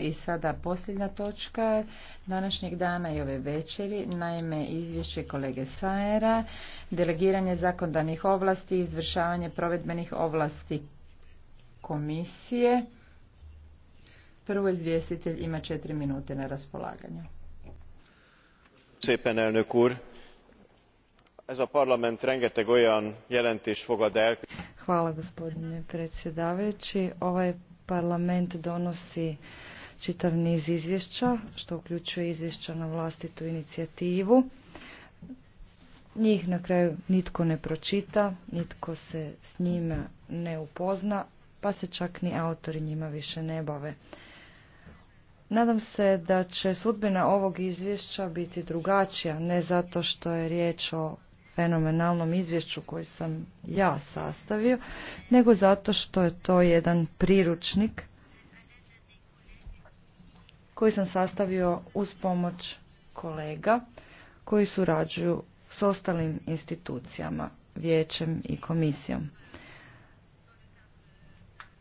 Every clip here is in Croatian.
I sada posljednja točka današnjeg dana i ove večeri, naime izvješće kolege Sajera, delegiranje zakonodavnih ovlasti i izvršavanje provedbenih ovlasti komisije. Prvo izvjestitelj ima četiri minute na raspolaganju. elnök parlament Hvala gospodine predsjedavajući. Ovaj parlament donosi čitav niz izvješća, što uključuje izvješća na vlastitu inicijativu. Njih na kraju nitko ne pročita, nitko se s njima ne upozna, pa se čak ni autori njima više ne bave. Nadam se da će sudbina ovog izvješća biti drugačija, ne zato što je riječ o fenomenalnom izvješću koji sam ja sastavio, nego zato što je to jedan priručnik koji sam sastavio uz pomoć kolega koji surađuju s ostalim institucijama, vijećem i komisijom.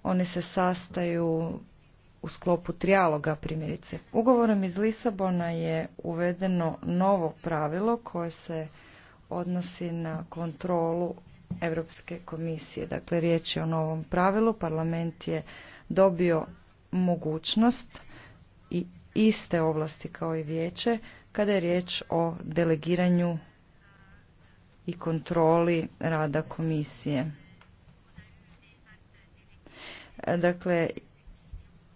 Oni se sastaju u sklopu trijaloga primjerice. Ugovorom iz Lisabona je uvedeno novo pravilo koje se odnosi na kontrolu Europske komisije. Dakle, riječ je o novom pravilu. Parlament je dobio mogućnost i iste ovlasti kao i vijeće kada je riječ o delegiranju i kontroli rada komisije. Dakle,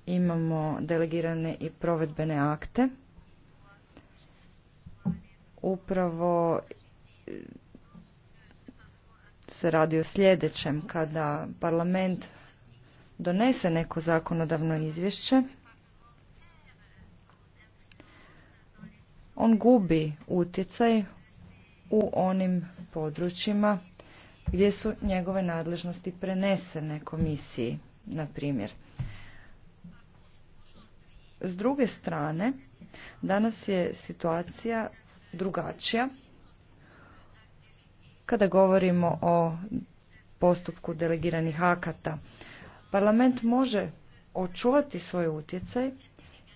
imamo delegirane i provedbene akte. Upravo se radi o sljedećem, kada parlament donese neko zakonodavno izvješće, on gubi utjecaj u onim područjima gdje su njegove nadležnosti prenesene komisiji, na primjer. S druge strane, danas je situacija drugačija kada govorimo o postupku delegiranih akata. Parlament može očuvati svoj utjecaj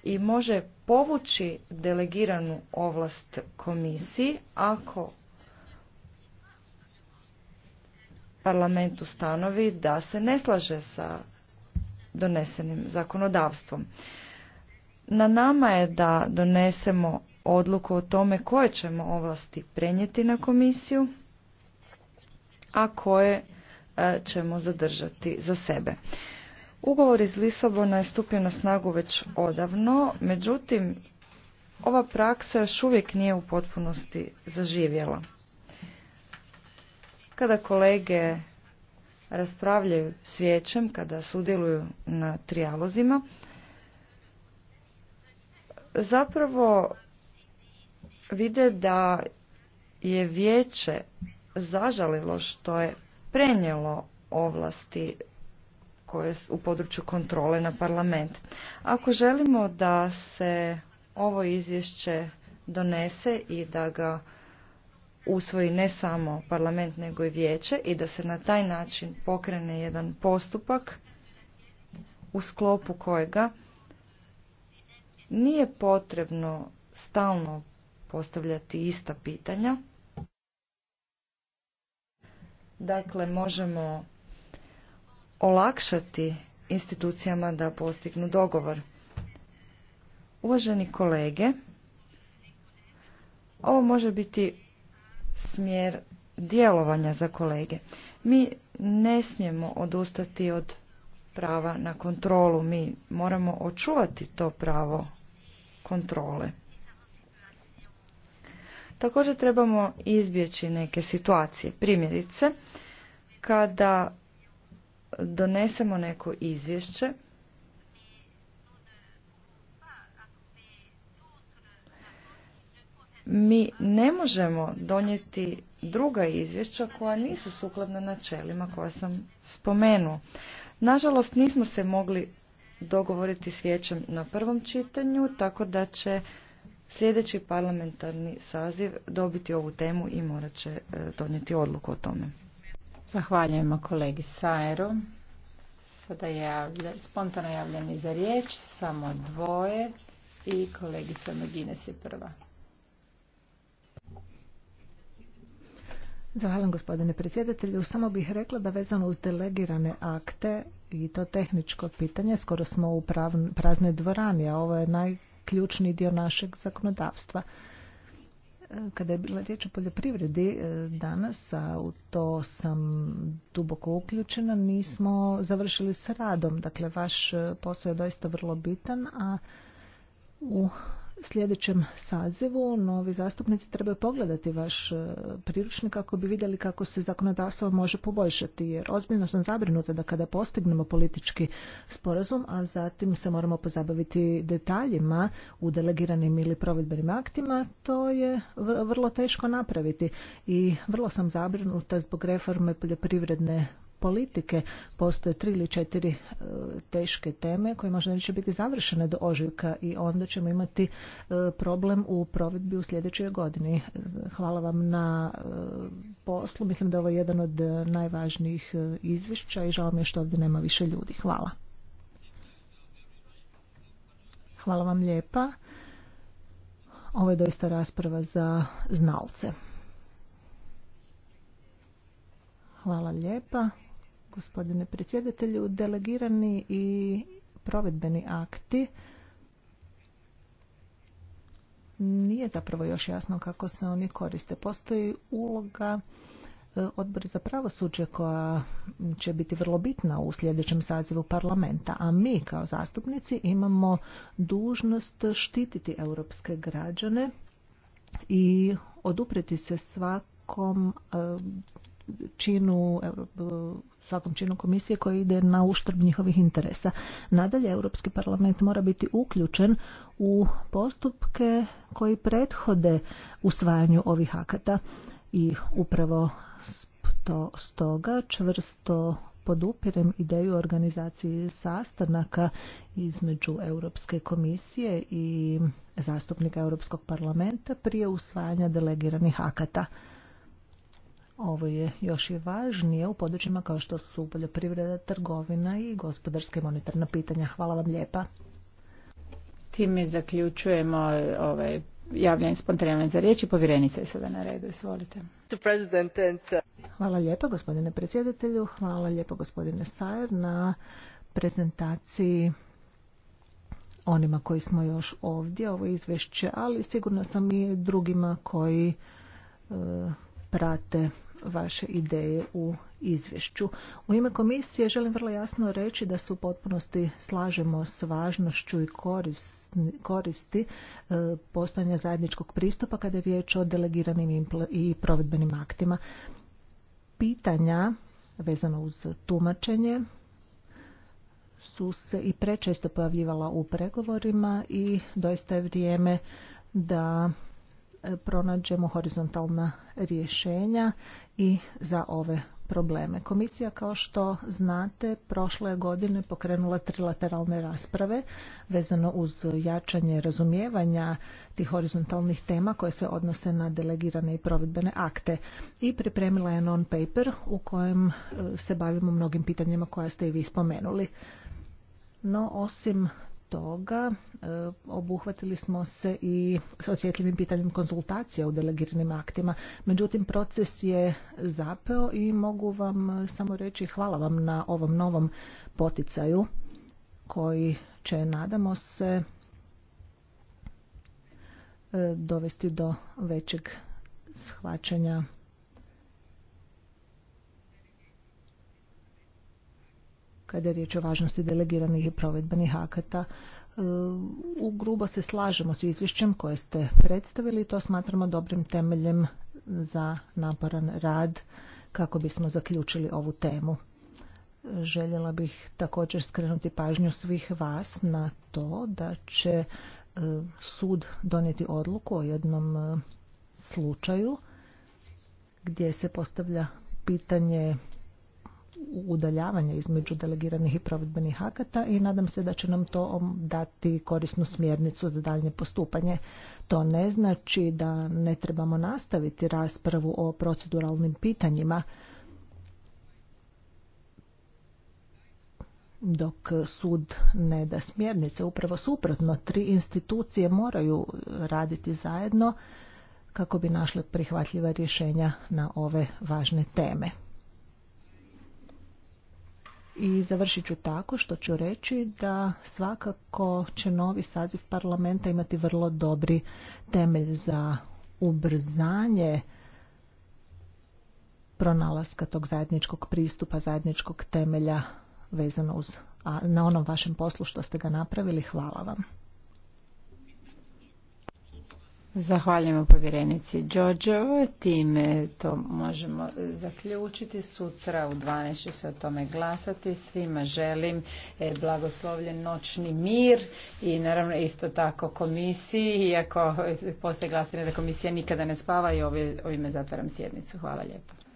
i može povući delegiranu ovlast komisiji ako parlament ustanovi da se ne slaže sa donesenim zakonodavstvom. Na nama je da donesemo odluku o tome koje ćemo ovlasti prenijeti na komisiju, a koje e, ćemo zadržati za sebe. Ugovor iz Lisabona je stupio na snagu već odavno, međutim, ova praksa još uvijek nije u potpunosti zaživjela. Kada kolege raspravljaju s vijećem, kada sudjeluju na trijalozima, zapravo vide da je vijeće zažalilo što je prenijelo ovlasti koje u području kontrole na parlament. Ako želimo da se ovo izvješće donese i da ga usvoji ne samo parlament nego i vijeće i da se na taj način pokrene jedan postupak u sklopu kojega nije potrebno stalno postavljati ista pitanja. Dakle, možemo olakšati institucijama da postignu dogovor. Uvaženi kolege, ovo može biti smjer djelovanja za kolege. Mi ne smijemo odustati od prava na kontrolu. Mi moramo očuvati to pravo kontrole. Također trebamo izbjeći neke situacije. Primjerice, kada donesemo neko izvješće mi ne možemo donijeti druga izvješća koja nisu sukladna načelima koja sam spomenuo. Nažalost, nismo se mogli dogovoriti s vijećem na prvom čitanju, tako da će sljedeći parlamentarni saziv dobiti ovu temu i morat će e, donijeti odluku o tome. Zahvaljujemo kolegi Sajeru. Sada je spontano javljeni za riječ, samo dvoje i kolegica Magines je prva. Zahvaljujem gospodine predsjedatelju. Samo bih rekla da vezano uz delegirane akte i to tehničko pitanje, skoro smo u praznoj dvorani, a ovo je najključniji dio našeg zakonodavstva. Kada je bila riječ o poljoprivredi, e, danas, a u to sam duboko uključena, nismo završili s radom. Dakle, vaš e, posao je doista vrlo bitan, a u sljedećem sazivu novi zastupnici trebaju pogledati vaš e, priručnik kako bi vidjeli kako se zakonodavstvo može poboljšati jer ozbiljno sam zabrinuta da kada postignemo politički sporazum a zatim se moramo pozabaviti detaljima u delegiranim ili provedbenim aktima to je vrlo teško napraviti i vrlo sam zabrinuta zbog reforme poljoprivredne politike postoje tri ili četiri e, teške teme koje možda neće biti završene do ožujka i onda ćemo imati e, problem u provedbi u sljedećoj godini. Hvala vam na e, poslu. Mislim da ovo jedan od najvažnijih izvješća i žao mi je što ovdje nema više ljudi. Hvala. Hvala vam lijepa. Ovo je doista rasprava za znalce. Hvala lijepa gospodine predsjedatelju. Delegirani i provedbeni akti nije zapravo još jasno kako se oni koriste. Postoji uloga e, odbor za pravosuđe koja će biti vrlo bitna u sljedećem sazivu parlamenta, a mi kao zastupnici imamo dužnost štititi europske građane i odupreti se svakom e, činu, svakom činu komisije koji ide na uštrb njihovih interesa. Nadalje, Europski parlament mora biti uključen u postupke koji prethode usvajanju ovih akata i upravo to stoga čvrsto podupirem ideju organizacije sastanaka između Europske komisije i zastupnika Europskog parlamenta prije usvajanja delegiranih akata. Ovo je još je važnije u područjima kao što su poljoprivreda, trgovina i gospodarska i monetarna pitanja. Hvala vam lijepa. Time zaključujemo ovaj javljanje spontanjavljanje za riječ i povjerenica je sada na redu. Izvolite. Uh, hvala lijepa gospodine predsjedatelju, hvala lijepa gospodine Sajer na prezentaciji onima koji smo još ovdje, ovo izvješće, ali sigurno sam i drugima koji e, prate vaše ideje u izvješću. U ime komisije želim vrlo jasno reći da se u potpunosti slažemo s važnošću i koristi e, postojanja zajedničkog pristupa kada je riječ o delegiranim i provedbenim aktima. Pitanja vezano uz tumačenje su se i prečesto pojavljivala u pregovorima i doista je vrijeme da E, pronađemo horizontalna rješenja i za ove probleme. Komisija, kao što znate, prošle godine pokrenula trilateralne rasprave vezano uz jačanje razumijevanja tih horizontalnih tema koje se odnose na delegirane i provedbene akte i pripremila je non-paper u kojem e, se bavimo mnogim pitanjima koja ste i vi spomenuli. No, osim toga e, obuhvatili smo se i s osjetljivim pitanjem konzultacija u delegiranim aktima. Međutim, proces je zapeo i mogu vam samo reći hvala vam na ovom novom poticaju koji će, nadamo se, e, dovesti do većeg shvaćanja kada je riječ o važnosti delegiranih i provedbenih akata. E, u grubo se slažemo s izvješćem koje ste predstavili i to smatramo dobrim temeljem za naporan rad kako bismo zaključili ovu temu. Željela bih također skrenuti pažnju svih vas na to da će e, sud donijeti odluku o jednom e, slučaju gdje se postavlja pitanje udaljavanja između delegiranih i provedbenih akata i nadam se da će nam to dati korisnu smjernicu za daljnje postupanje. To ne znači da ne trebamo nastaviti raspravu o proceduralnim pitanjima dok sud ne da smjernice. Upravo suprotno, tri institucije moraju raditi zajedno kako bi našle prihvatljiva rješenja na ove važne teme i završit ću tako što ću reći da svakako će novi saziv parlamenta imati vrlo dobri temelj za ubrzanje pronalaska tog zajedničkog pristupa, zajedničkog temelja vezano uz, a na onom vašem poslu što ste ga napravili. Hvala vam. Zahvaljujemo povjerenici Đođevo, Time to možemo zaključiti. Sutra u 12 će se o tome glasati. Svima želim e, blagoslovljen noćni mir i naravno isto tako komisiji. Iako postoje glasine da komisija nikada ne spava i ovime zatvaram sjednicu. Hvala lijepo.